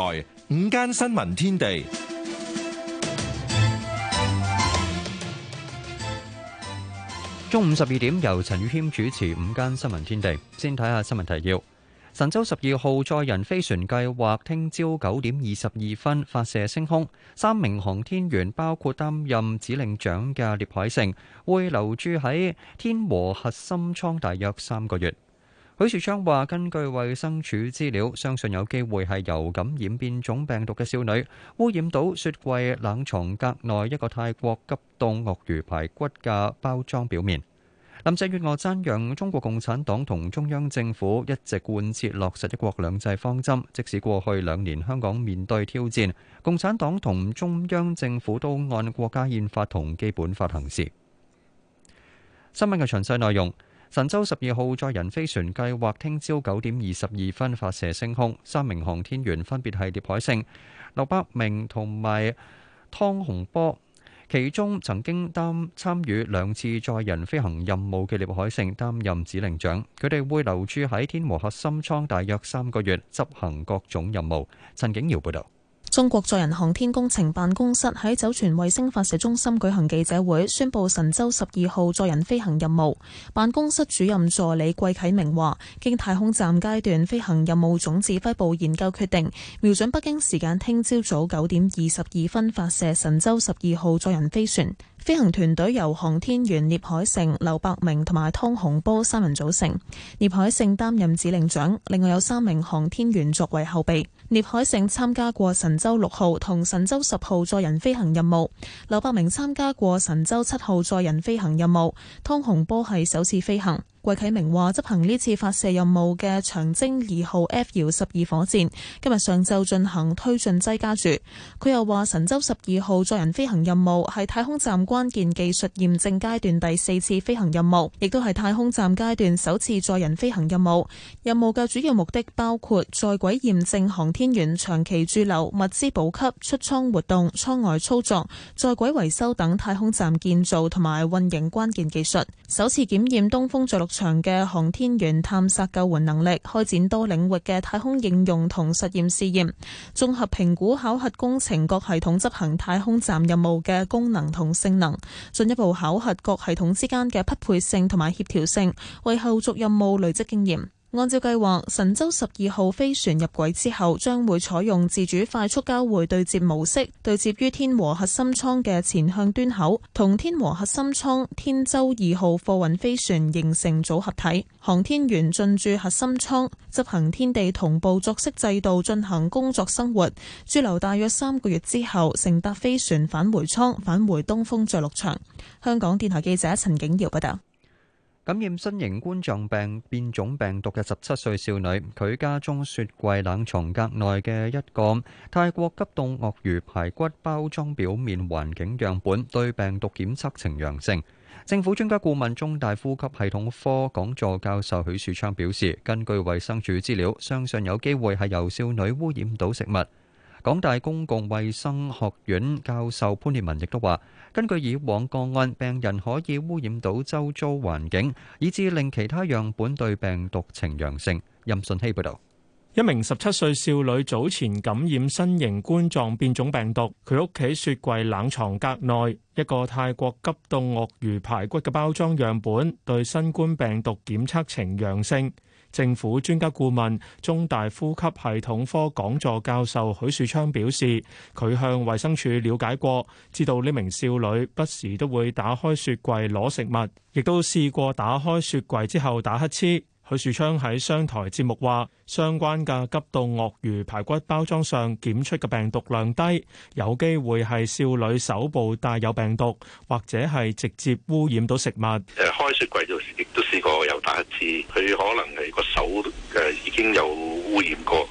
午間新聞天地，中午十二點由陳宇謙主持午間新聞天地。先睇下新聞提要：神舟十二號載人飛船計劃聽朝九點二十二分發射升空，三名航天員包括擔任指令長嘅聶海勝，會留駐喺天和核心艙大約三個月。許樹昌話根據衛生署資料,相信有機會係由感染變種病毒嘅少女,污染到雪櫃冷藏格內一個泰國急凍鱷魚排骨嘅包裝表面。林鄭月娥讚揚中國共產黨同中央政府一直貫徹落實一國兩制方針，即使過去兩年香港面對挑戰，共產黨同中央政府都按國家憲法同基本法行事。新聞嘅詳細內容。神舟十二號載人飛船計劃聽朝九點二十二分發射升空，三名航天員分別係聶海勝、劉伯明同埋湯洪波，其中曾經擔參與兩次載人飛行任務嘅聶海勝擔任指令長。佢哋會留駐喺天和核心艙大約三個月，執行各種任務。陳景堯報道。中國載人航天工程辦公室喺酒泉衛星發射中心舉行記者會，宣布神舟十二號載人飛行任務。辦公室主任助理季啟明話：經太空站階段飛行任務總指揮部研究決定，瞄準北京時間聽朝早九點二十二分發射神舟十二號載人飛船。飛行團隊由航天員聶海勝、劉伯明同埋湯洪波三人組成，聶海勝擔任指令長，另外有三名航天員作為後備。聶海勝參加過神舟六號同神舟十號載人飛行任務，劉伯明參加過神舟七號載人飛行任務，湯洪波係首次飛行。季啟明話：執行呢次發射任務嘅長征二號 F 遙十二火箭今日上晝進行推進劑加注。佢又話：神舟十二號載人飛行任務係太空站關鍵技術驗證階段第四次飛行任務，亦都係太空站階段首次載人飛行任務。任務嘅主要目的包括在軌驗證航天員長期駐留、物資補給、出艙活動、艙外操作、在軌維修等太空站建造同埋運營關鍵技術。首次檢驗東風着陸。強嘅航天員探索救援能力，開展多領域嘅太空應用同實驗試驗，綜合評估考核工程各系統執行太空站任務嘅功能同性能，進一步考核各系統之間嘅匹配性同埋協調性，為後續任務累積經驗。按照計劃，神舟十二號飛船入軌之後，將會採用自主快速交會對接模式，對接於天和核心艙嘅前向端口，同天和核心艙、天舟二號貨運飛船形成組合體。航天員進駐核心艙，執行天地同步作息制度，進行工作生活。駐留大約三個月之後，乘搭飛船返回艙，返回東風着陸場。香港電台記者陳景瑤報道。感染新型冠狀病變種病毒嘅十七歲少女，佢家中雪櫃冷藏格內嘅一個泰國急凍鱷魚排骨包裝表面環境樣本對病毒檢測呈陽性。政府專家顧問中大呼吸系統科講座教授許樹昌表示，根據衛生署資料，相信有機會係由少女污染到食物。港大公共衛生學院教授潘烈文亦都話。根據以往個案，病人可以污染到周遭環境，以致令其他樣本對病毒呈陽性。任信希報導，一名十七歲少女早前感染新型冠狀變種病毒，佢屋企雪櫃冷藏格內一個泰國急凍鱷魚排骨嘅包裝樣本對新冠病毒檢測呈陽性。政府專家顧問、中大呼吸系統科講座教授許樹昌表示，佢向衛生署了解過，知道呢名少女不時都會打開雪櫃攞食物，亦都試過打開雪櫃之後打乞嗤。許樹昌喺商台節目話，相關嘅急凍鱷魚排骨包裝上檢出嘅病毒量低，有機會係少女手部帶有病毒，或者係直接污染到食物。誒，開雪櫃度亦都試過有打一次，佢可能係個手誒已經有污染過。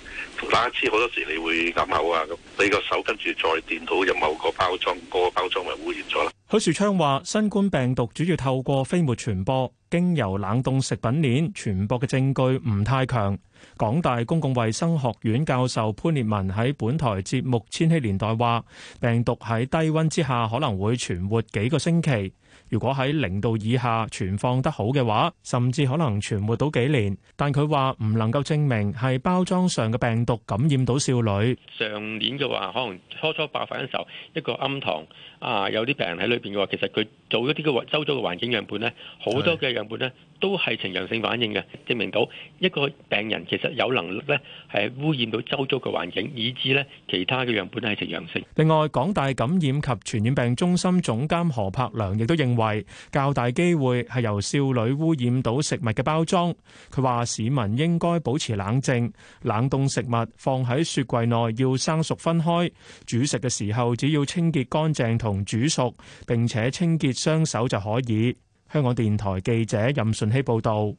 哪一次好多時你會咬口啊？咁你個手跟住再掂到入某個包裝，個包裝咪污染咗啦。許樹昌話：新冠病毒主要透過飛沫傳播，經由冷凍食品鏈傳播嘅證據唔太強。港大公共衛生學院教授潘烈文喺本台節目《千禧年代》話，病毒喺低溫之下可能會存活幾個星期。如果喺零度以下存放得好嘅話，甚至可能存活到幾年。但佢話唔能夠證明係包裝上嘅病毒感染到少女。上年嘅話可能初初爆發嘅時候，一個庵堂。啊！有啲病人喺裏邊嘅話，其實佢做一啲嘅周遭嘅環境樣本咧，好多嘅樣本咧都係呈陽性反應嘅，證明到一個病人其實有能力咧係污染到周遭嘅環境，以致咧其他嘅樣本係呈陽性。另外，港大感染及傳染病中心總監何柏良亦都認為，較大機會係由少女污染到食物嘅包裝。佢話市民應該保持冷靜，冷凍食物放喺雪櫃內要生熟分開，煮食嘅時候只要清潔乾淨同同煮熟並且清潔雙手就可以。香港電台記者任順希報導：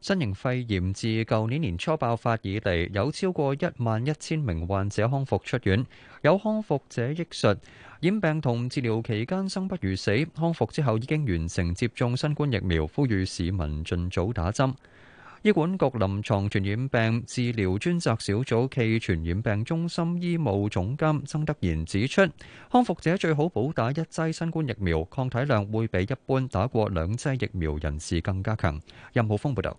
新型肺炎自舊年年初爆發以嚟，有超過一萬一千名患者康復出院，有康復者憶述染病同治療期間生不如死，康復之後已經完成接種新冠疫苗，呼籲市民盡早打針。醫管局臨床傳染病治療專責小組暨傳染病中心醫務總監曾德賢指出，康復者最好補打一劑新冠疫苗，抗體量會比一般打過兩劑疫苗人士更加強。任浩峰報道。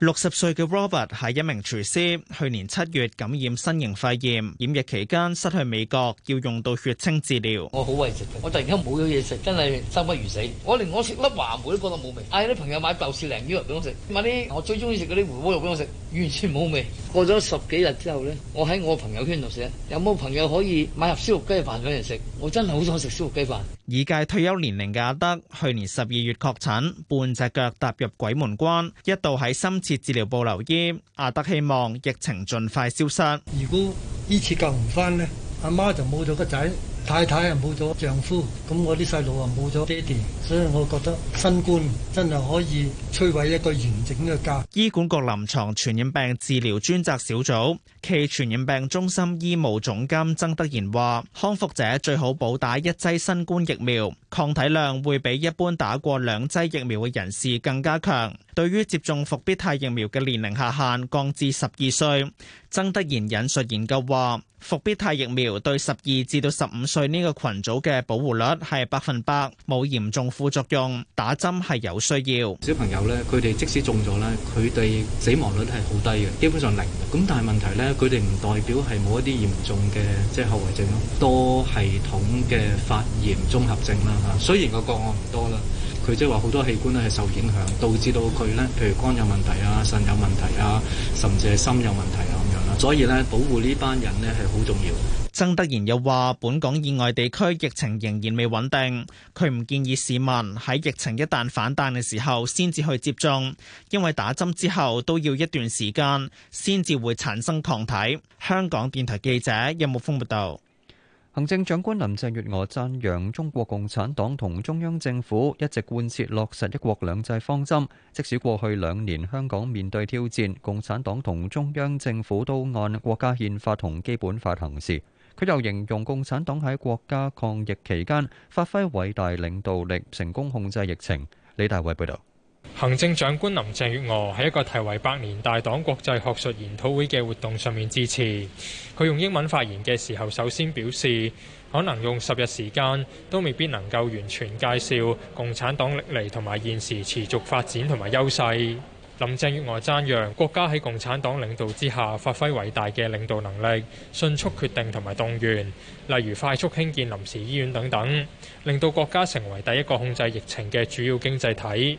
六十歲嘅 Robert 係一名廚師，去年七月感染新型肺炎，染疫期間失去味覺，要用到血清治療。我好為食嘅，我突然間冇咗嘢食，真係生不如死。我連我食粒話梅都覺得冇味，嗌啲朋友買豆豉鯪魚肉俾我食，買啲我最中意食嗰啲回鍋肉俾我食，完全冇味。過咗十幾日之後咧，我喺我朋友圈度寫，有冇朋友可以買盒燒肉雞飯俾人食？我真係好想食燒肉雞飯。已屆退休年齡嘅阿德去年十二月確診，半隻腳踏入鬼門關，一度喺深切治療部留醫。阿德希望疫情盡快消失。如果呢次救唔翻呢，阿媽就冇咗個仔。太太啊冇咗丈夫，咁我啲細路啊冇咗爹哋，所以我覺得新冠真係可以摧毀一個完整嘅家。醫管局臨床傳染病治療專責小組暨傳染病中心醫務總監曾德賢話，康復者最好補打一劑新冠疫苗，抗體量會比一般打過兩劑疫苗嘅人士更加強。對於接種復必泰疫苗嘅年齡下限降至十二歲，曾德賢引述研究話，復必泰疫苗對十二至到十五歲呢個群組嘅保護率係百分百，冇嚴重副作用，打針係有需要。小朋友呢，佢哋即使中咗呢，佢哋死亡率係好低嘅，基本上零。噉但係問題呢，佢哋唔代表係冇一啲嚴重嘅即係後遺症囉，多系統嘅發炎綜合症啦。吓，雖然個個案唔多啦。佢即係話好多器官咧係受影響，導致到佢咧，譬如肝有問題啊、腎有問題啊，甚至係心有問題啊咁樣啦。所以咧，保護呢班人呢係好重要。曾德賢又話，本港以外地區疫情仍然未穩定，佢唔建議市民喺疫情一旦反彈嘅時候先至去接種，因為打針之後都要一段時間先至會產生抗體。香港電台記者任木豐報道。有行政長官林鄭月娥讚揚中國共產黨同中央政府一直貫徹落實一國兩制方針，即使過去兩年香港面對挑戰，共產黨同中央政府都按國家憲法同基本法行事。佢又形容共產黨喺國家抗疫期間發揮偉大領導力，成功控制疫情。李大偉報導。行政長官林鄭月娥喺一個題為《百年大黨國際學術研討會》嘅活動上面致辭，佢用英文發言嘅時候，首先表示可能用十日時間都未必能夠完全介紹共產黨歷來同埋現時持續發展同埋優勢。林鄭月娥讚揚國家喺共產黨領導之下發揮偉大嘅領導能力，迅速決定同埋動員，例如快速興建臨時醫院等等，令到國家成為第一個控制疫情嘅主要經濟體。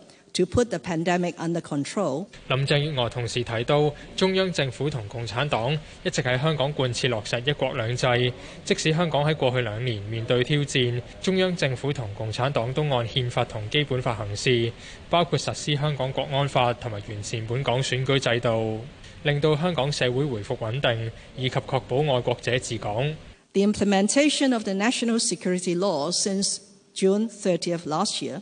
To put the pandemic under control. 林鄭月娥同時提到，中央政府同共產黨一直喺香港貫徹落實一國兩制。即使香港喺過去兩年面對挑戰，中央政府同共產黨都按憲法同基本法行事，包括實施香港國安法同埋完善本港選舉制度，令到香港社會回復穩定，以及確保愛國者治港。The implementation of the National Security Law since June 30th last year.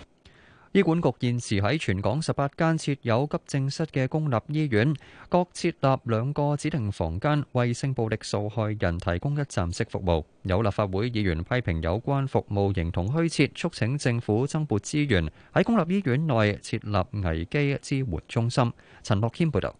醫管局現時喺全港十八間設有急症室嘅公立醫院，各設立兩個指定房間，為性暴力受害人提供一站式服務。有立法會議員批評有關服務形同虛設，促請政府增撥資源，喺公立醫院內設立危機支援中心。陳樂謙報道。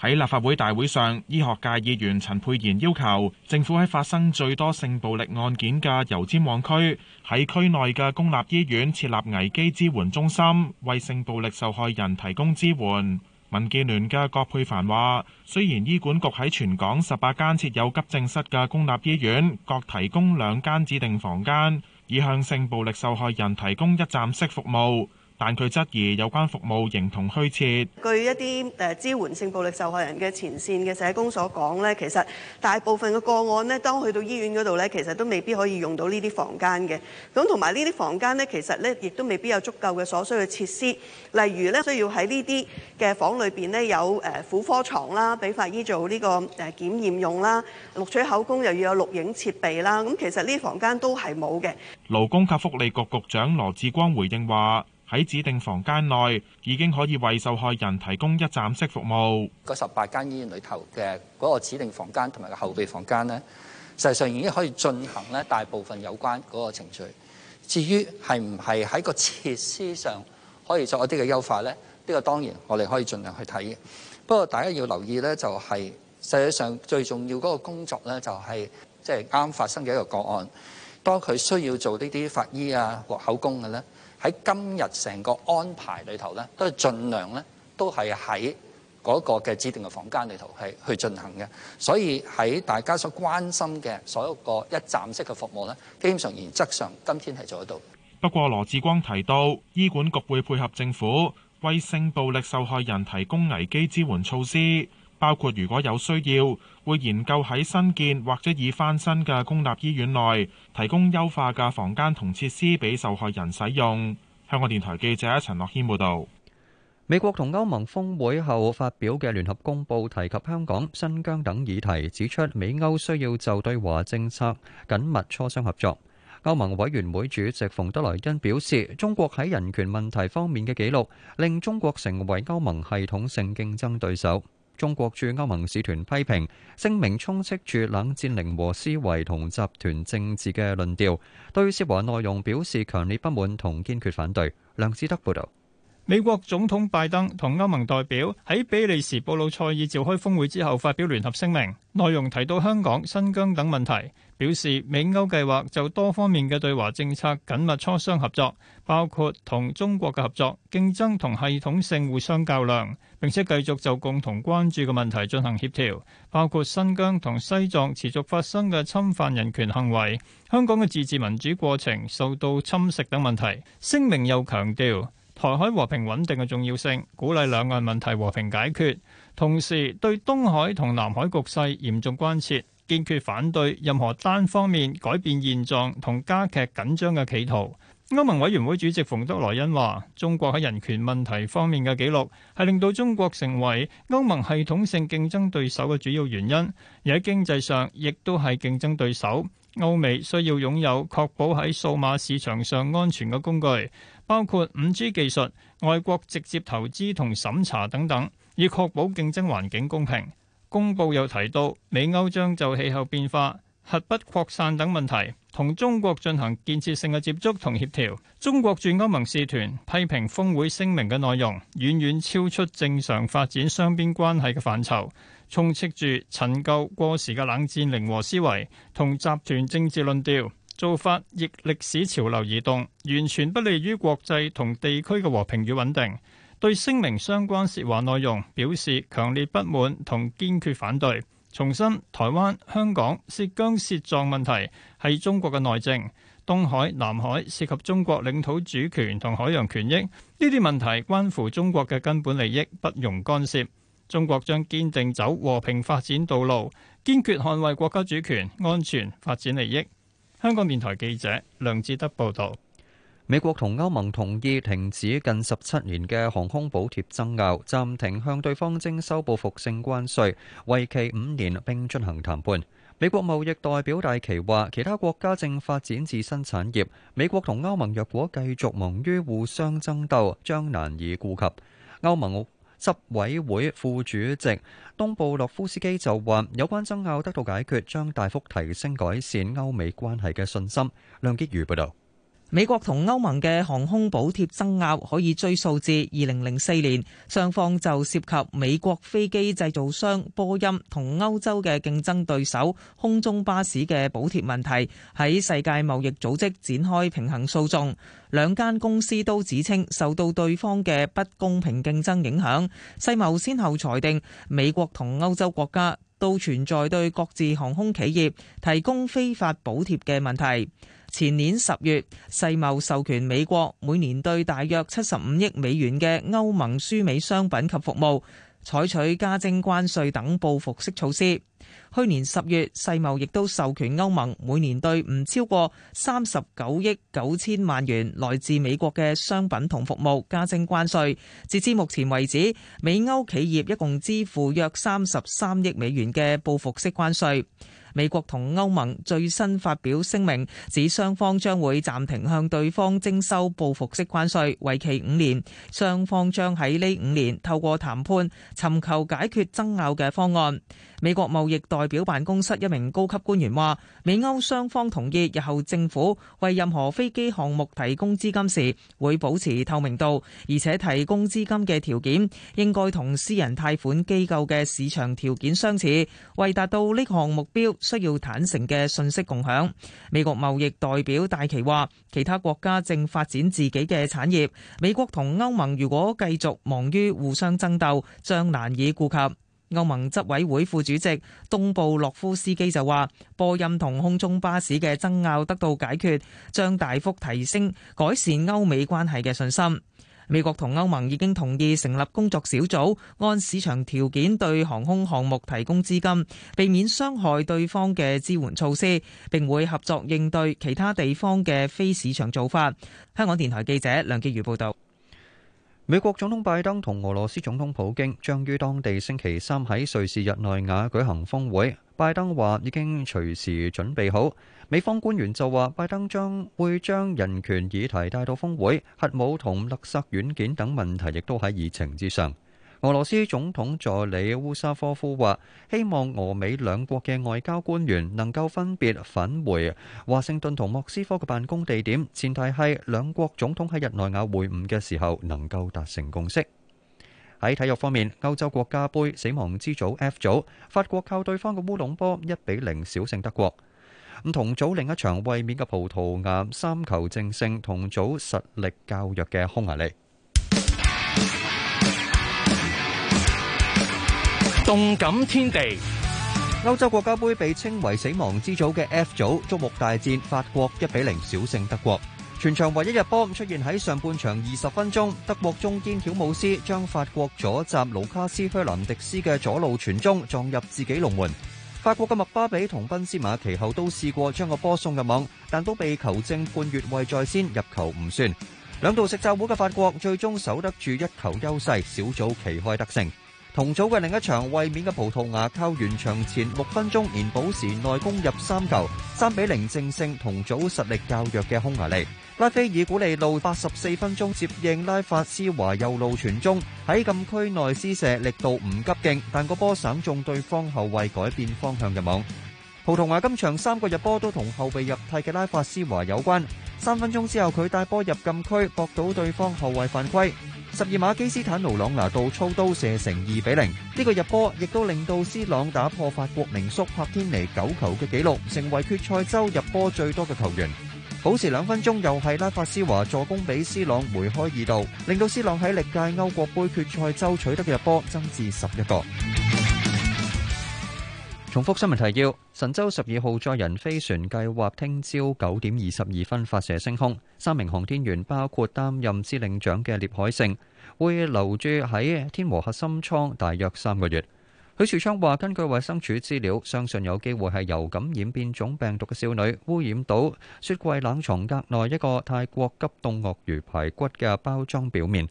喺立法會大會上，醫學界議員陳沛然要求政府喺發生最多性暴力案件嘅油尖旺區，喺區內嘅公立醫院設立危機支援中心，為性暴力受害人提供支援。民建聯嘅葛珮帆話，雖然醫管局喺全港十八間設有急症室嘅公立醫院，各提供兩間指定房間，以向性暴力受害人提供一站式服務。但佢質疑有關服務形同虛設。據一啲誒支援性暴力受害人嘅前線嘅社工所講咧，其實大部分嘅個案咧，當去到醫院嗰度咧，其實都未必可以用到呢啲房間嘅。咁同埋呢啲房間咧，其實咧亦都未必有足夠嘅所需嘅設施，例如咧需要喺呢啲嘅房裏邊咧有誒婦科床啦，俾法醫做呢個誒檢驗用啦，錄取口供又要有錄影設備啦。咁其實呢啲房間都係冇嘅。勞工及福利局局，局長羅志光回應話。喺指定房間內已經可以為受害人提供一站式服務。十八間醫院裏頭嘅嗰個指定房間同埋個後備房間咧，實際上已經可以進行咧大部分有關嗰個程序。至於係唔係喺個設施上可以作一啲嘅優化呢？呢、呢個當然我哋可以盡量去睇。不過大家要留意呢，就係、是、實際上最重要嗰個工作呢，就係即係啱發生嘅一個個案，當佢需要做呢啲法醫啊、或口供嘅呢。喺今日成個安排裏頭咧，都係盡量咧，都係喺嗰個嘅指定嘅房間裏頭係去進行嘅。所以喺大家所關心嘅所有個一站式嘅服務咧，基本上原則上今天係做得到。不過羅志光提到，醫管局會配合政府，為性暴力受害人提供危機支援措施。包括如果有需要，會研究喺新建或者已翻新嘅公立醫院內提供優化嘅房間同設施俾受害人使用。香港電台記者陳樂謙報道。美國同歐盟峰會後發表嘅聯合公報提及香港、新疆等議題，指出美歐需要就對華政策緊密磋商合作。歐盟委員會主席馮德萊恩表示，中國喺人權問題方面嘅紀錄令中國成為歐盟系統性競爭對手。中國駐歐盟使團批評聲明充斥住冷戰零和思維同集團政治嘅論調，對涉華內容表示強烈不滿同堅決反對。梁志德報道。美國總統拜登同歐盟代表喺比利時布魯塞爾召開峰會之後，發表聯合聲明，內容提到香港、新疆等問題，表示美歐計劃就多方面嘅對華政策緊密磋商合作，包括同中國嘅合作、競爭同系統性互相較量，並且繼續就共同關注嘅問題進行協調，包括新疆同西藏持續發生嘅侵犯人權行為、香港嘅自治民主過程受到侵蝕等問題。聲明又強調。台海和平穩定嘅重要性，鼓勵兩岸問題和平解決，同時對東海同南海局勢嚴重關切，堅決反對任何單方面改變現狀同加劇緊張嘅企圖。歐盟委員會主席馮德萊恩話：中國喺人權問題方面嘅記錄，係令到中國成為歐盟系統性競爭對手嘅主要原因，而喺經濟上亦都係競爭對手。歐美需要擁有確保喺數碼市場上安全嘅工具。包括五 G 技術、外國直接投資同審查等等，以確保競爭環境公平。公報又提到，美歐將就氣候變化、核不擴散等問題同中國進行建設性嘅接觸同協調。中國駐歐盟使團批評峰會聲明嘅內容遠遠超出正常發展雙邊關係嘅範疇，充斥住陳舊過時嘅冷戰零和思維同集團政治論調。做法逆歷史潮流而動，完全不利於國際同地區嘅和平與穩定。對聲明相關涉華內容表示強烈不滿同堅決反對，重申，台灣香港涉疆涉藏問題，係中國嘅內政；東海、南海涉及中國領土主權同海洋權益，呢啲問題關乎中國嘅根本利益，不容干涉。中國將堅定走和平發展道路，堅決捍衛國家主權安全、發展利益。香港電台記者梁志德報道：美國同歐盟同意停止近十七年嘅航空補貼爭拗，暫停向對方徵收報復性關稅，為期五年，並進行談判。美國貿易代表戴琪話，其他國家正發展自身產業，美國同歐盟若果繼續忙於互相爭鬥，將難以顧及歐盟。執委會副主席東布洛夫斯基就話：有關爭拗得到解決，將大幅提升改善歐美關係嘅信心。梁潔如報導。美國同歐盟嘅航空補貼爭拗可以追溯至二零零四年，雙方就涉及美國飛機製造商波音同歐洲嘅競爭對手空中巴士嘅補貼問題，喺世界貿易組織展開平行訴訟。兩間公司都指稱受到對方嘅不公平競爭影響。世貿先後裁定，美國同歐洲國家都存在對各自航空企業提供非法補貼嘅問題。前年十月，世貿授權美國每年對大約七十五億美元嘅歐盟輸美商品及服務採取加徵關稅等報復式措施。去年十月，世貿亦都授權歐盟每年對唔超過三十九億九千萬元來自美國嘅商品同服務加徵關稅。截至目前為止，美歐企業一共支付約三十三億美元嘅報復式關稅。美國同歐盟最新發表聲明，指雙方將會暫停向對方徵收報復式關稅，為期五年。雙方將喺呢五年透過談判尋求解決爭拗嘅方案。美國貿易代表辦公室一名高級官員話，美歐雙方同意，日後政府為任何飛機項目提供資金時，會保持透明度，而且提供資金嘅條件應該同私人貸款機構嘅市場條件相似。為達到呢項目標，需要坦誠嘅信息共享。美國貿易代表戴琪話：其他國家正發展自己嘅產業。美國同歐盟如果繼續忙於互相爭鬥，將難以顧及。歐盟執委會副主席東布洛夫斯基就話：波音同空中巴士嘅爭拗得到解決，將大幅提升改善歐美關係嘅信心。美國同歐盟已經同意成立工作小組，按市場條件對航空項目提供資金，避免傷害對方嘅支援措施，並會合作應對其他地方嘅非市場做法。香港電台記者梁潔如報導。美國總統拜登同俄羅斯總統普京將於當地星期三喺瑞士日內瓦舉行峰會。拜登話已經隨時準備好。美方官員就話拜登將會將人權議題帶到峰會，核武同勒索軟件等問題亦都喺議程之上。俄羅斯總統助理烏沙科夫話，希望俄美兩國嘅外交官員能夠分別返回華盛頓同莫斯科嘅辦公地點，前提係兩國總統喺日內瓦會晤嘅時候能夠達成共識。喺體育方面，歐洲國家杯死亡之組 F 組，法國靠對方嘅烏龍波一比零小勝德國。咁同組另一場衛冕嘅葡萄牙三球淨勝同組實力較弱嘅匈牙利。動感天地，歐洲國家杯被稱為死亡之組嘅 F 組，矚目大戰，法國一比零小勝德國。全場唯一入波出現喺上半場二十分鐘，德國中堅喬姆斯將法國左閘盧卡斯·菲林迪斯嘅左路傳中撞入自己龍門。法國嘅麥巴比同賓斯馬其後都試過將個波送入網，但都被球證判越位在先入球唔算。兩度食炸糊嘅法國最終守得住一球優勢，小組旗開得勝。同組嘅另一場，衛冕嘅葡萄牙靠完場前六分鐘連保時內攻入三球，三比零正勝同組實力較弱嘅匈牙利。拉斐爾古利路八十四分鐘接應拉法斯華右路傳中，喺禁區內施射，力度唔急勁，但個波省中對方後衛改變方向嘅網。葡萄牙今場三個入波都同後備入替嘅拉法斯華有關。三分鐘之後，佢帶波入禁區，博到對方後衛犯規。十二碼基斯坦奴朗拿度操刀射成二比零，呢個入波亦都令到斯朗打破法國名宿帕天尼九球嘅紀錄，成為決賽周入波最多嘅球員。補時兩分鐘又係拉法斯華助攻俾斯朗梅開二度，令到斯朗喺歷屆歐國杯決賽周取得嘅入波增至十一個。重複新聞提要：神舟十二號載人飛船計劃聽朝九點二十二分發射升空，三名航天員包括擔任指令長嘅聶海勝，會留住喺天和核心艙大約三個月。許樹昌話：根據衛生署資料，相信有機會係由感染變種病毒嘅少女污染到雪櫃冷藏格內一個泰國急凍鱷魚排骨嘅包裝表面。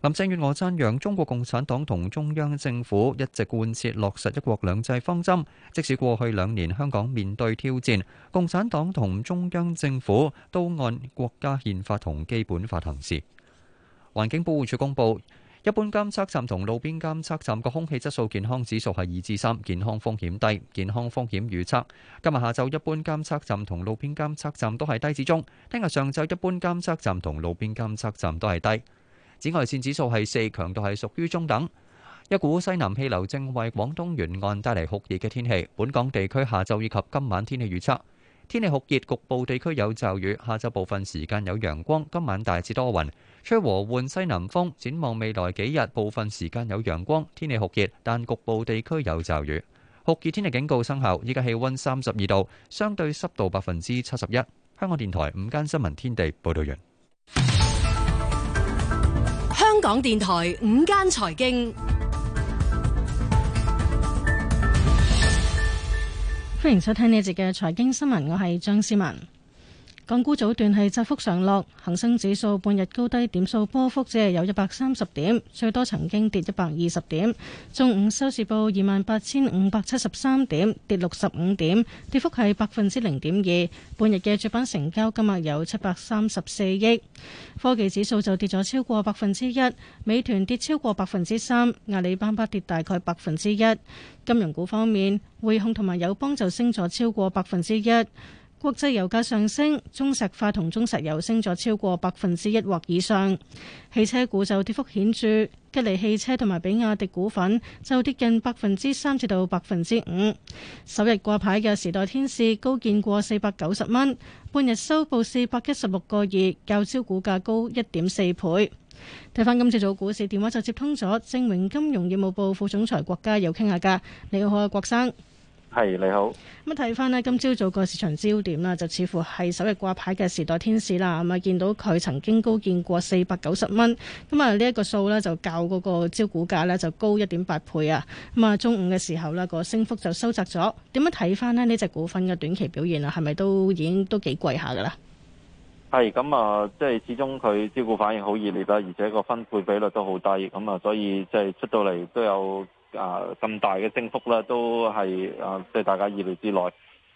林鄭月娥讚揚中國共產黨同中央政府一直貫徹落實一國兩制方針，即使過去兩年香港面對挑戰，共產黨同中央政府都按國家憲法同基本法行事。環境保護署公布，一般監測站同路邊監測站個空氣質素健康指數係二至三，健康風險低。健康風險預測今日下晝一般監測站同路邊監測站都係低至中，聽日上晝一般監測站同路邊監測站都係低。紫外線指數係四，強度係屬於中等。一股西南氣流正為廣東沿岸帶嚟酷熱嘅天氣。本港地區下晝以及今晚天氣預測：天氣酷熱，局部地區有驟雨。下晝部分時間有陽光，今晚大致多雲，吹和緩西南風。展望未來幾日，部分時間有陽光，天氣酷熱，但局部地區有驟雨。酷熱天氣警告生效，依家氣温三十二度，相對濕度百分之七十一。香港電台午間新聞天地報導，報道完。港電台午間財經，歡迎收聽呢一節嘅財經新聞，我係張思文。港股早段係窄幅上落，恒生指數半日高低點數波幅只係有一百三十點，最多曾經跌一百二十點，中午收市報二萬八千五百七十三點，跌六十五點，跌幅係百分之零點二。半日嘅主板成交金額有七百三十四億，科技指數就跌咗超過百分之一，美團跌超過百分之三，阿里巴巴跌大概百分之一。金融股方面，匯控同埋友邦就升咗超過百分之一。國際油價上升，中石化同中石油升咗超過百分之一或以上。汽車股就跌幅顯著，吉利汽車同埋比亞迪股份就跌近百分之三至到百分之五。首日掛牌嘅時代天使高見過四百九十蚊，半日收報四百一十六個二，較招股價高一點四倍。睇翻，今次早股市電話就接通咗，正榮金融業務部副總裁郭家耀傾下噶，你好啊，郭生。係你好，咁啊睇翻呢，今朝早個市場焦點啦，就似乎係首日掛牌嘅時代天使啦，咁、嗯、啊見到佢曾經高見過四百九十蚊，咁啊呢一個數咧就較嗰個招股價咧就高一點八倍啊，咁、嗯、啊中午嘅時候呢，個升幅就收窄咗，點樣睇翻呢？呢隻股份嘅短期表現啊，係咪都已經都幾貴下噶啦？係咁啊，即係始終佢招股反應好熱烈啦，而且個分配比率都好低，咁啊所以即係出到嚟都有。啊，咁大嘅升幅咧，都係啊，即係大家意料之內。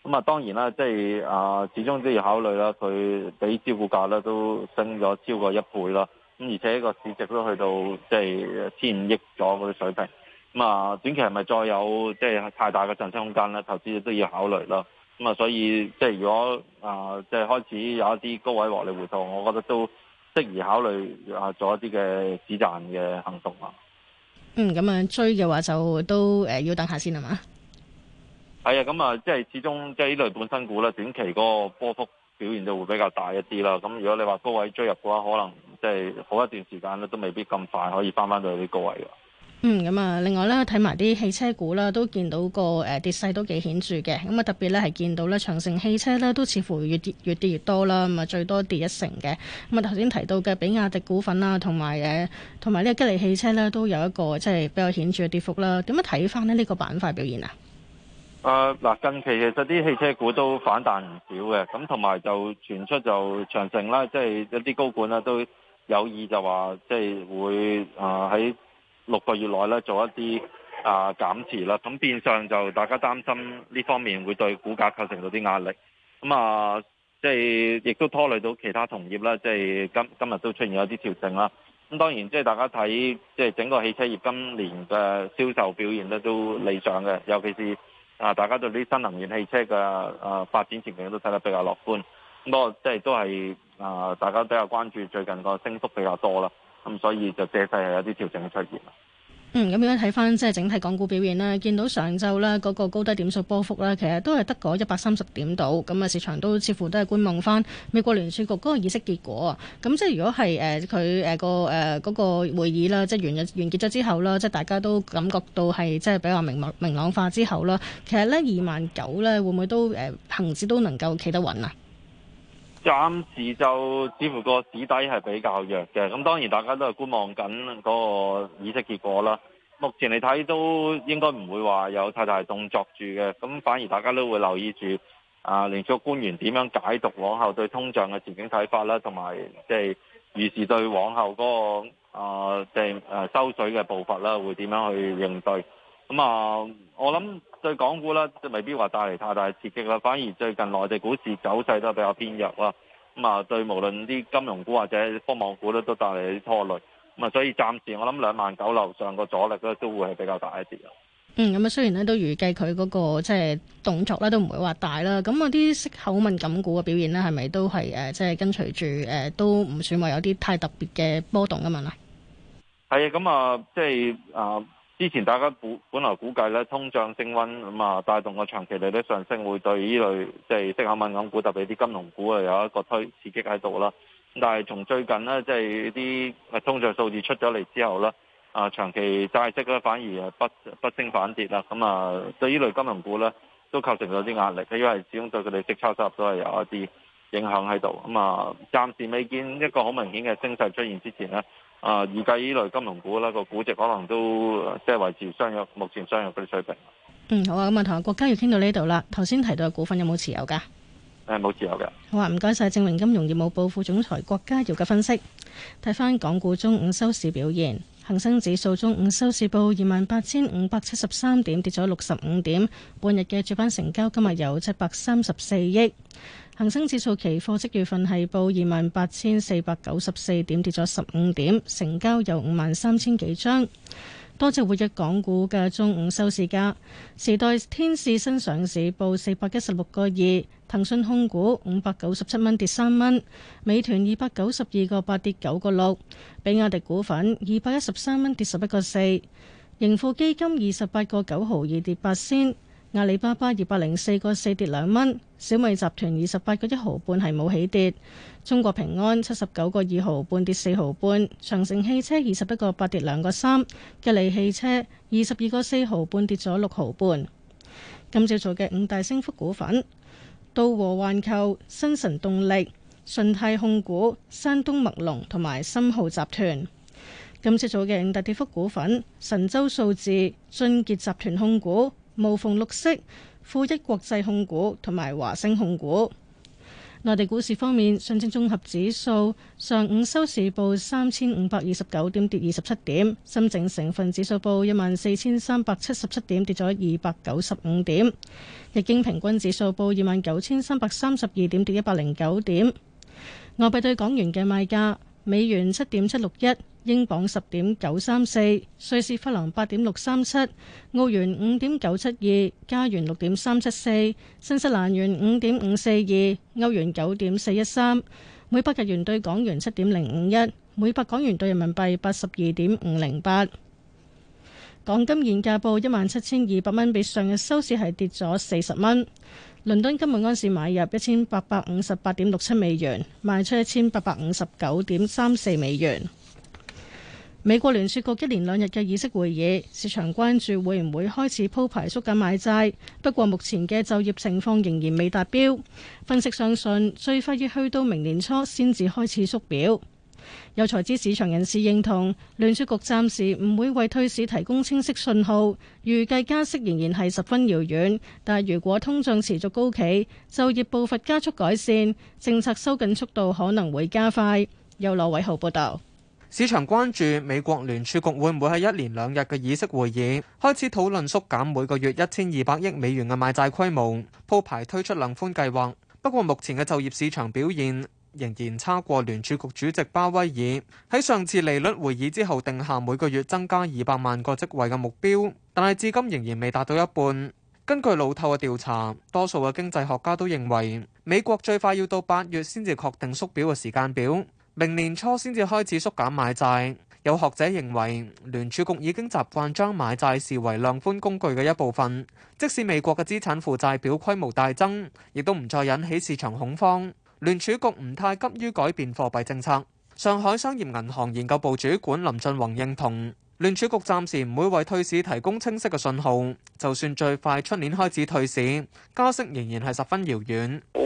咁啊，當然啦，即係啊，始終都要考慮啦。佢比招股價咧都升咗超過一倍啦。咁而且個市值都去到即係千五億咗嗰啲水平。咁啊，短期係咪再有即係太大嘅上升空間咧？投資都要考慮啦。咁啊，所以即係如果啊，即係開始有一啲高位獲利回動，我覺得都適宜考慮啊，做一啲嘅止賺嘅行動啊。嗯，咁、嗯、啊追嘅話就都誒、呃、要等下先係嘛。係啊，咁啊、嗯、即係始終即係呢類半新股啦，短期嗰個波幅表現就會比較大一啲啦。咁、嗯、如果你話高位追入嘅話，可能即係好一段時間咧都未必咁快可以返返到啲高位嘅。嗯，咁啊，另外咧睇埋啲汽車股啦，都見到個誒、呃、跌勢都幾顯著嘅。咁、嗯、啊，特別咧係見到咧長城汽車咧，都似乎越跌越跌越多啦。咁、嗯、啊，最多跌一成嘅。咁、嗯、啊，頭先提到嘅比亞迪股份啦、啊，同埋誒同埋呢個吉利汽車咧，都有一個即係比較顯著嘅跌幅啦。點樣睇翻咧呢個板塊表現啊？誒嗱、呃，近期其實啲汽車股都反彈唔少嘅。咁同埋就傳出就長城啦，即、就、係、是、一啲高管啦都有意就話即係會啊喺。呃六個月內咧做一啲啊、呃、減持啦，咁變相就大家擔心呢方面會對股價構成到啲壓力，咁、嗯、啊、呃、即係亦都拖累到其他同業啦，即係今今日都出現有啲調整啦。咁當然即係大家睇即係整個汽車業今年嘅銷售表現咧都理想嘅，尤其是啊、呃、大家對啲新能源汽車嘅啊、呃、發展前景都睇得比較樂觀。咁我即係都係啊大家比較關注最近個升幅比較多啦。咁所以就借勢係有啲調整嘅出現。嗯，咁如果睇翻即係整體港股表現咧，見到上週呢嗰個高低點數波幅呢，其實都係得個一百三十點到。咁啊，市場都似乎都係觀望翻美國聯儲局嗰個議息結果啊。咁即係如果係誒佢誒個誒嗰個會議啦，即係完完結咗之後啦，即係大家都感覺到係即係比較明朗明朗化之後啦，其實呢，二萬九呢會唔會都誒恆指都能夠企得穩啊？暫時就似乎個指底係比較弱嘅，咁當然大家都係觀望緊嗰個議息結果啦。目前嚟睇都應該唔會話有太大動作住嘅，咁反而大家都會留意住啊，聯儲官員點樣解讀往後對通脹嘅前景睇法啦，同埋即係預示對往後嗰、嗰個啊，即係啊收水嘅步伐啦，會點樣去應對？咁啊，我諗。對港股啦，即係未必話帶嚟太大刺激啦，反而最近內地股市走勢都比較偏弱啦。咁啊，對無論啲金融股或者科網股咧，都帶嚟拖累。咁啊，所以暫時我諗兩萬九樓上個阻力咧，都會係比較大一啲嘅。嗯，咁啊，雖然咧都預計佢嗰、那個即係、就是、動作咧都唔會話大啦。咁啊、嗯，啲息口敏感股嘅表現咧，係咪都係誒即係跟隨住誒、呃、都唔算話有啲太特別嘅波動吖嘛？係、嗯、啊，咁啊，即係啊。嗯就是呃之前大家估本來估計咧，通脹升溫咁啊，帶動個長期利率上升，會對呢類即係息口敏感股，特別啲金融股啊，有一個推刺激喺度啦。但係從最近呢，即係啲通脹數字出咗嚟之後咧，啊長期債息咧反而不不升反跌啦。咁啊，對呢類金融股咧都構成咗啲壓力，因為始終對佢哋息差收入都係有一啲影響喺度。咁啊，暫時未見一個好明顯嘅升勢出現之前咧。啊，預計依類金融股啦，個估值可能都即係維持相約目前相約嗰啲水平。嗯，好啊，咁啊，同阿郭家耀傾到呢度啦。頭先提到嘅股份有冇持有㗎？誒、嗯，冇持有㗎。好啊，唔該晒。正榮金融業務部副總裁郭家耀嘅分析。睇翻港股中午收市表現。恒生指數中午收市報二萬八千五百七十三點，跌咗六十五點。半日嘅主板成交今日有七百三十四億。恒生指數期貨即月份係報二萬八千四百九十四點，跌咗十五點，成交有五萬三千幾張。多謝活躍港股嘅中午收市價，時代天使新上市報四百一十六個二，騰訊控股五百九十七蚊跌三蚊，美團二百九十二個八跌九個六，比亞迪股份二百一十三蚊跌十一個四，盈富基金二十八個九毫二跌八仙。阿里巴巴二百零四個四跌兩蚊，小米集團二十八個一毫半係冇起跌。中國平安七十九個二毫半跌四毫半，長城汽車二十一個八跌兩個三，吉利汽車二十二個四毫半跌咗六毫半。今朝早嘅五大升幅股份：道和環球、新晨動力、信泰控股、山東麥隆同埋深浩集團。今朝早嘅五大跌幅股份：神州數字、俊杰集團控股。無縫綠色富益國際控股同埋華星控股。內地股市方面，上證綜合指數上午收市報三千五百二十九點，跌二十七點；深證成分指數報一萬四千三百七十七點，跌咗二百九十五點；日經平均指數報二萬九千三百三十二點，跌一百零九點。外幣兌港元嘅賣價。美元七點七六一，英鎊十點九三四，瑞士法郎八點六三七，澳元五點九七二，加元六點三七四，新西蘭元五點五四二，歐元九點四一三，每百日元兌港元七點零五一，每百港元兌人民幣八十二點五零八。港金現價報一萬七千二百蚊，比上日收市係跌咗四十蚊。倫敦金每盎司買入一千八百五十八點六七美元，賣出一千八百五十九點三四美元。美國聯儲局一連兩日嘅議息會議，市場關注會唔會開始鋪排縮緊買債，不過目前嘅就業情況仍然未達標。分析相信最快要去到明年初先至開始縮表。有財資市場人士認同，聯儲局暫時唔會為退市提供清晰信號，預計加息仍然係十分遙遠。但如果通脹持續高企，就業步伐加速改善，政策收緊速度可能會加快。有羅偉豪報道，市場關注美國聯儲局會唔會喺一連兩日嘅議息會議開始討論縮減每個月一千二百億美元嘅買債規模，鋪排推出量寬計劃。不過目前嘅就業市場表現，仍然差過聯儲局主席鮑威爾喺上次利率會議之後定下每個月增加二百萬個職位嘅目標，但係至今仍然未達到一半。根據路透嘅調查，多數嘅經濟學家都認為美國最快要到八月先至確定縮表嘅時間表，明年初先至開始縮減買債。有學者認為聯儲局已經習慣將買債視為量寬工具嘅一部分，即使美國嘅資產負債表規模大增，亦都唔再引起市場恐慌。聯儲局唔太急於改變貨幣政策。上海商業銀行研究部主管林俊宏認同，聯儲局暫時唔會為退市提供清晰嘅信號。就算最快出年開始退市，加息仍然係十分遙遠。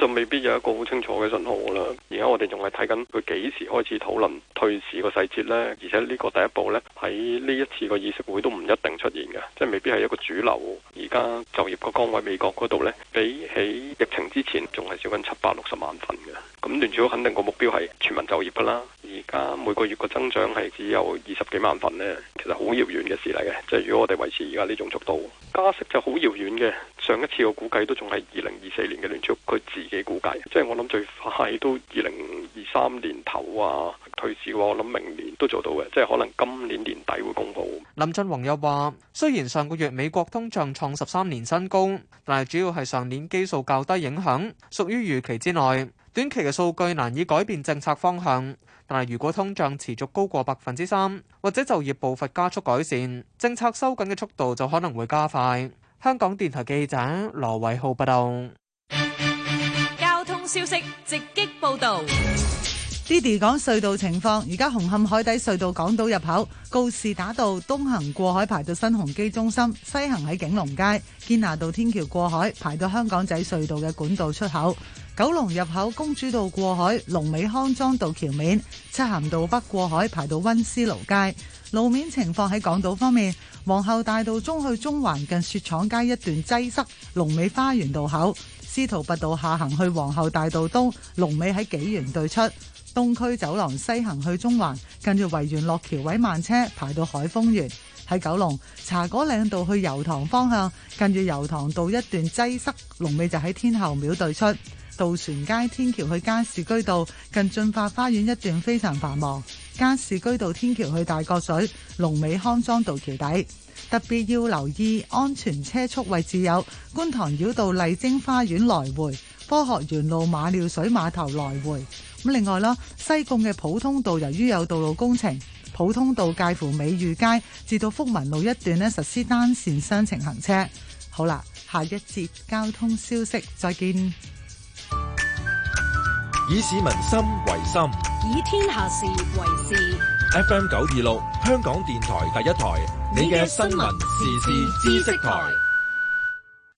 就未必有一個好清楚嘅信號啦，而家我哋仲係睇緊佢幾時開始討論退市個細節咧，而且呢個第一步咧，喺呢一次個議息會都唔一定出現嘅，即係未必係一個主流。而家就業個崗位美國嗰度咧，比起疫情之前仲係少緊七百六十萬份嘅，咁聯儲局肯定個目標係全民就業噶啦。而家每個月個增長係只有二十幾萬份咧，其實好遙遠嘅事嚟嘅。即係如果我哋維持而家呢種速度，加息就好遙遠嘅。上一次我估計都仲係二零二四年嘅聯儲佢自。估計，即係我諗最快都二零二三年頭啊，退市嘅話，我諗明年都做到嘅，即係可能今年年底會公布。林俊宏又話：雖然上個月美國通脹創十三年新高，但係主要係上年基數較低影響，屬於預期之內。短期嘅數據難以改變政策方向，但係如果通脹持續高過百分之三，或者就業步伐加速改善，政策收緊嘅速度就可能會加快。香港電台記者羅偉浩報道。消息直擊報道 d i d y 講隧道情況，而家紅磡海底隧道港島入口告士打道東行過海排到新鴻基中心，西行喺景隆街堅拿道天橋過海排到香港仔隧道嘅管道出口，九龍入口公主道過海龍尾康莊道橋面，漆咸道北過海排到溫思勞街。路面情況喺港島方面，皇后大道中去中環近雪廠街一段擠塞，龍尾花園道口。司徒拔道下行去皇后大道東，龍尾喺紀元對出；東區走廊西行去中環，跟住維園落橋位慢車排到海峰園。喺九龍茶果嶺道去油塘方向，跟住油塘道一段擠塞，龍尾就喺天后廟對出；渡船街天橋去加士居道，近駿發花園一段非常繁忙；加士居道天橋去大角咀，龍尾康莊道橋底。特別要留意安全車速位置有觀塘繞道麗晶花園來回，科學園路馬料水碼頭來回。咁另外啦，西貢嘅普通道由於有道路工程，普通道介乎美裕街至到福民路一段咧實施單線雙程行車。好啦，下一節交通消息再見。以市民心為心，以天下事為事。FM 九二六，香港電台第一台，你嘅新聞時事知識台。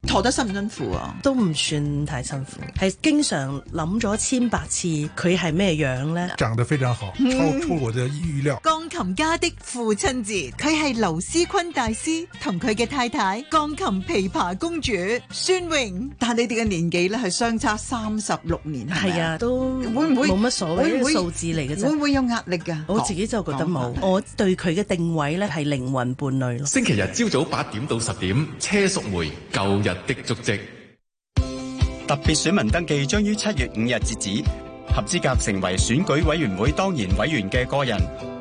陀得辛唔辛苦啊？都唔算太辛苦，係經常諗咗千百次佢係咩樣咧？長得非常好，超超過我嘅預料。鋼 琴家的父親節，佢係劉詩昆大師同佢嘅太太鋼琴琵琶，琶公主孫穎， 但係你哋嘅年紀咧係相差三十六年，係啊？都會唔會冇乜所謂？啲數字嚟嘅啫，會唔會有壓力噶？我自己就覺得冇，嗯、我對佢嘅定位咧係靈魂伴侶咯。 星期日朝早八點到十點，車淑梅舊日。 的足跡。特別選民登記將於七月五日截止。合資格成為選舉委員會當然委員嘅個人，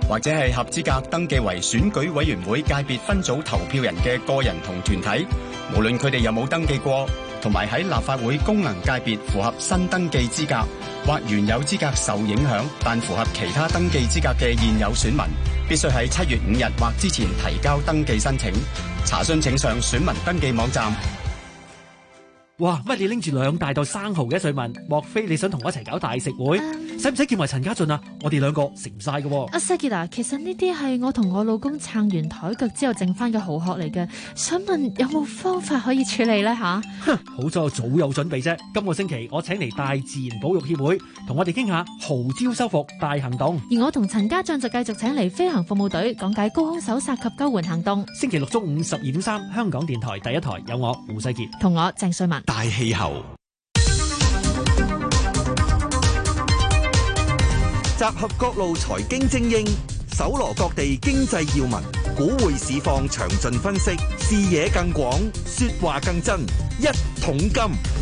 或者係合資格登記為選舉委員會界別分組投票人嘅個人同團體，無論佢哋有冇登記過，同埋喺立法會功能界別符合新登記資格或原有資格受影響，但符合其他登記資格嘅現有選民，必須喺七月五日或之前提交登記申請。查詢請上選民登記網站。哇！乜你拎住兩大袋生蚝嘅？瑞文，莫非你想同我一齊搞大食會？使唔使叫埋陳家俊、哦、啊？我哋兩個食唔晒嘅。阿世杰嗱，其實呢啲係我同我老公撐完台腳之後剩翻嘅蚝殼嚟嘅，想問有冇方法可以處理呢？吓？哼，好彩我早有準備啫。今個星期我請嚟大自然保育協會同我哋傾下蚝礁修復大行動。而我同陳家俊就繼續請嚟飛行服務隊講解高空搜查及救援行動。星期六中午十二點三，3, 香港電台第一台有我胡世杰同我鄭瑞文。大氣候，集合各路財經精英，搜羅各地經濟要聞，股匯市況詳盡分析，視野更廣，說話更真，一桶金。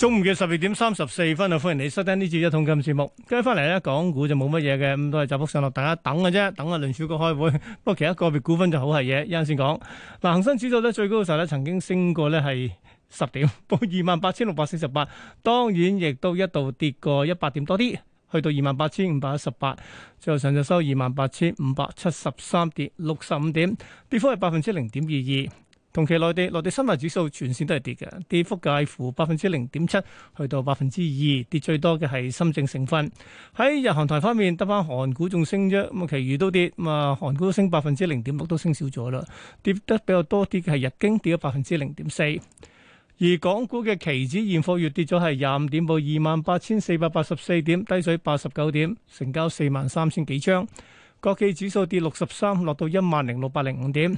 中午嘅十二點三十四分，就歡迎你收聽呢次一桶金節目。跟翻嚟咧，港股就冇乜嘢嘅，咁都係集福上落，大家等嘅啫，等阿聯儲局開會。不過其他個別股份就好係嘢，一陣先講。嗱，恒生指數咧最高嘅時候咧，曾經升過咧係十點，報二萬八千六百四十八。當然亦都一度跌過一百點多啲，去到二萬八千五百一十八。最後上晝收二萬八千五百七十三，跌六十五點，跌幅係百分之零點二二。同期內地內地深化指數全線都係跌嘅，跌幅介乎百分之零點七去到百分之二，跌最多嘅係深證成分。喺日韓台方面，得翻韓股仲升啫，咁其餘都跌，咁啊，韓股升百分之零點六都升少咗啦，跌得比較多跌嘅係日經跌咗百分之零點四，而港股嘅期指現貨月跌咗係廿五點報二萬八千四百八十四點，低水八十九點，成交四萬三千幾張，國企指數跌六十三落到一萬零六百零五點。